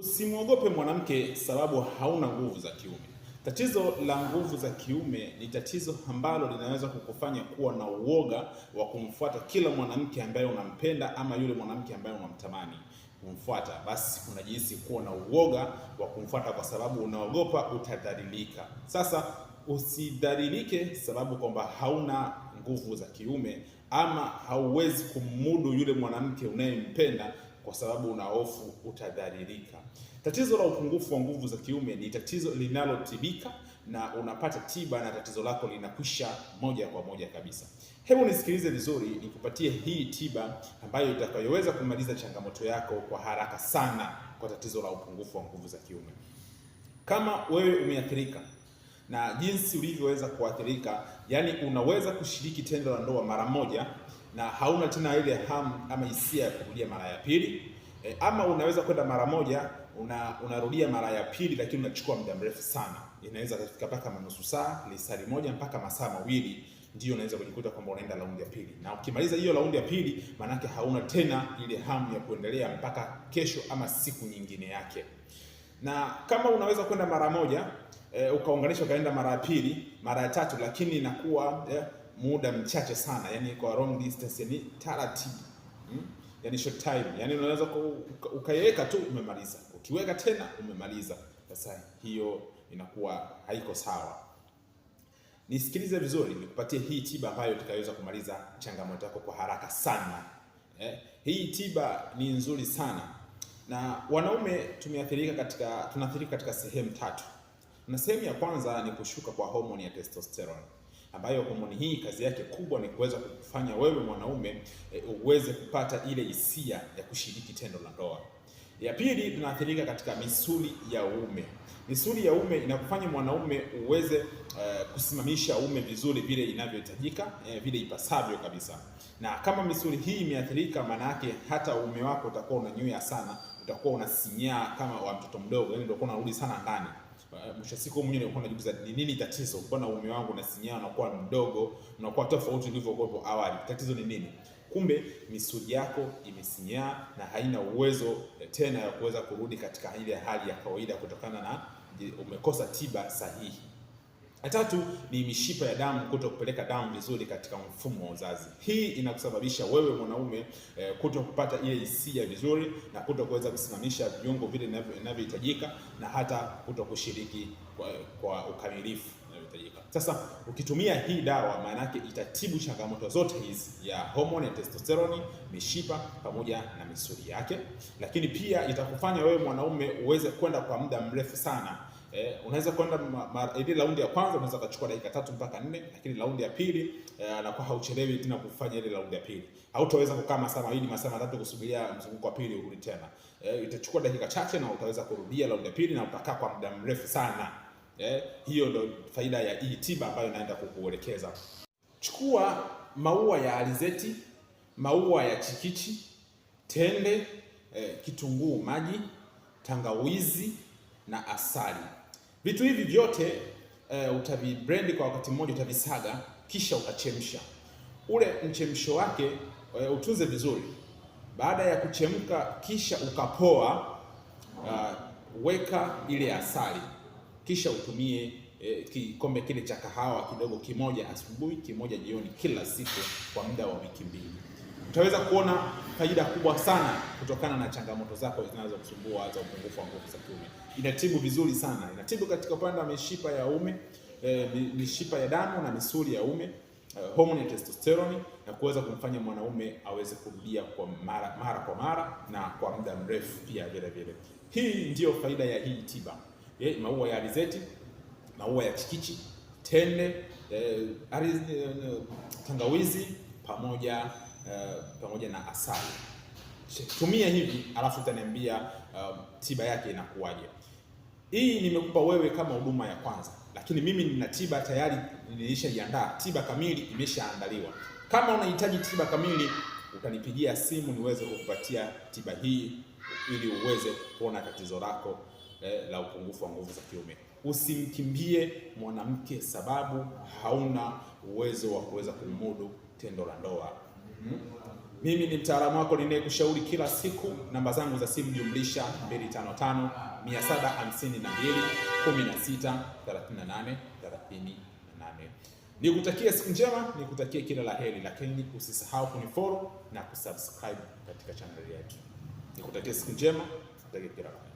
Usimwogope mwanamke sababu hauna nguvu za kiume. Tatizo la nguvu za kiume ni tatizo ambalo linaweza kukufanya kuwa na uoga wa kumfuata kila mwanamke ambaye unampenda ama yule mwanamke ambaye unamtamani kumfuata, basi unajihisi kuwa na uoga wa kumfuata kwa sababu unaogopa utadhalilika. Sasa usidhalilike sababu kwamba hauna nguvu za kiume ama hauwezi kumudu yule mwanamke unayempenda kwa sababu una hofu utadhalilika. Tatizo la upungufu wa nguvu za kiume ni tatizo linalotibika na unapata tiba na tatizo lako linakwisha moja kwa moja kabisa. Hebu nisikilize vizuri, nikupatie hii tiba ambayo itakayoweza kumaliza changamoto yako kwa haraka sana kwa tatizo la upungufu wa nguvu za kiume. Kama wewe umeathirika na jinsi ulivyoweza kuathirika, yani unaweza kushiriki tendo la ndoa mara moja na hauna tena ile hamu ama hisia ya kurudia mara ya pili e, ama unaweza kwenda mara moja una, unarudia mara ya pili lakini unachukua muda mrefu sana, inaweza kufika mpaka manusu saa, lisali moja mpaka masaa mawili ndio unaweza kujikuta kwamba unaenda raundi ya pili, na ukimaliza hiyo raundi ya pili, maanake hauna tena ile hamu ya kuendelea mpaka kesho ama siku nyingine yake. Na kama unaweza kwenda mara moja e, ukaunganisha ukaenda mara ya pili, mara ya tatu, lakini inakuwa e, muda mchache sana, yani kwa long distance, yani taratibu hmm? yani short time, yani unaweza ukaiweka tu umemaliza, ukiweka tena umemaliza. Sasa hiyo inakuwa haiko sawa. Nisikilize vizuri, nikupatie hii tiba ambayo tukaweza kumaliza changamoto yako kwa haraka sana. Eh, hii tiba ni nzuri sana na wanaume tumeathirika katika tunaathirika katika sehemu tatu, na sehemu ya kwanza ni kushuka kwa homoni ya testosterone ambayo homoni hii kazi yake kubwa ni kuweza kukufanya wewe mwanaume e, uweze kupata ile hisia ya kushiriki tendo la ndoa. Ya pili, tunaathirika katika misuli ya uume. Misuli ya uume inakufanya mwanaume uweze uh, kusimamisha uume vizuri vile inavyohitajika, eh, vile ipasavyo kabisa. Na kama misuli hii imeathirika, maana yake hata uume wako utakuwa unanyuya sana, utakuwa unasinyaa kama wa mtoto mdogo, yani utakuwa unarudi sana ndani. Eh, mwisho siku mwenyewe nilikuwa najiuliza ni nini tatizo, mbona uume wangu na sinya unakuwa mdogo, unakuwa tofauti ulivyokuwa awali, tatizo ni nini? Kumbe misuli yako imesinyaa na haina uwezo eh, tena ya kuweza kurudi katika ile hali ya kawaida kutokana na umekosa tiba sahihi. Na tatu ni mishipa ya damu kuto kupeleka damu vizuri katika mfumo wa uzazi. Hii inakusababisha wewe mwanaume eh, kuto kupata ile hisia vizuri na kuto kuweza kusimamisha viungo vile vinavyohitajika na hata kuto kushiriki kwa, kwa ukamilifu vinavyohitajika. Sasa ukitumia hii dawa, maana yake itatibu changamoto zote hizi ya homoni ya testosteroni, mishipa pamoja na misuli yake, lakini pia itakufanya wewe mwanaume uweze kwenda kwa muda mrefu sana Eh, unaweza kwenda ile raundi ya kwanza unaweza kuchukua dakika tatu mpaka nne, lakini raundi ya pili eh, anakuwa eh, hauchelewi tena kufanya ile raundi ya pili. Hautaweza kukaa masaa mawili masaa matatu kusubiria mzunguko wa pili urudi tena. Eh, itachukua dakika chache na utaweza kurudia raundi ya pili na utakaa kwa muda mrefu sana. Eh, hiyo ndio faida ya hii tiba ambayo naenda kukuelekeza. Chukua maua ya alizeti, maua ya chikichi, tende, eh, kitunguu maji, tangawizi na asali. Vitu hivi vyote uh, eh, utavibrand kwa wakati mmoja, utavisaga kisha ukachemsha Ule mchemsho wake uh, utunze vizuri. Baada ya kuchemka kisha ukapoa, uh, weka ile asali kisha utumie uh, kikombe kile cha kahawa kidogo kimoja asubuhi, kimoja jioni, kila siku kwa muda wa wiki mbili utaweza kuona faida kubwa sana kutokana na changamoto zako zinazokusumbua za upungufu wa nguvu za kiume. Inatibu vizuri sana, inatibu katika upande wa mishipa ya ume e, mishipa ya damu na misuli ya ume e, homoni ya testosterone na kuweza kumfanya mwanaume aweze kurudia kwa mara, mara kwa mara na kwa muda mrefu pia vile vile. Hii ndiyo faida ya hii tiba e, maua ya alizeti, maua ya chikichi, tende e, ariz, e, tangawizi pamoja Eh, pamoja na asali. Tumia hivi alafu utaniambia uh, tiba yake inakuwaje. Hii nimekupa wewe kama huduma ya kwanza, lakini mimi nina tiba tayari, nilishajiandaa. Tiba kamili imeshaandaliwa. Kama unahitaji tiba kamili, utanipigia simu niweze kukupatia tiba hii ili uweze kuona tatizo lako eh, la upungufu wa nguvu za kiume. Usimkimbie mwanamke sababu hauna uwezo wa kuweza kumudu tendo la ndoa. Mimi ni mtaalamu wako ninayekushauri kila siku. Namba zangu za simu jumlisha 255 752 16 siku njema, nikutakia kila la heri, lakini usisahau kunifollow na kusubscribe katika channel yetu. Nikutakia siku njema, nikutakia kila la heri.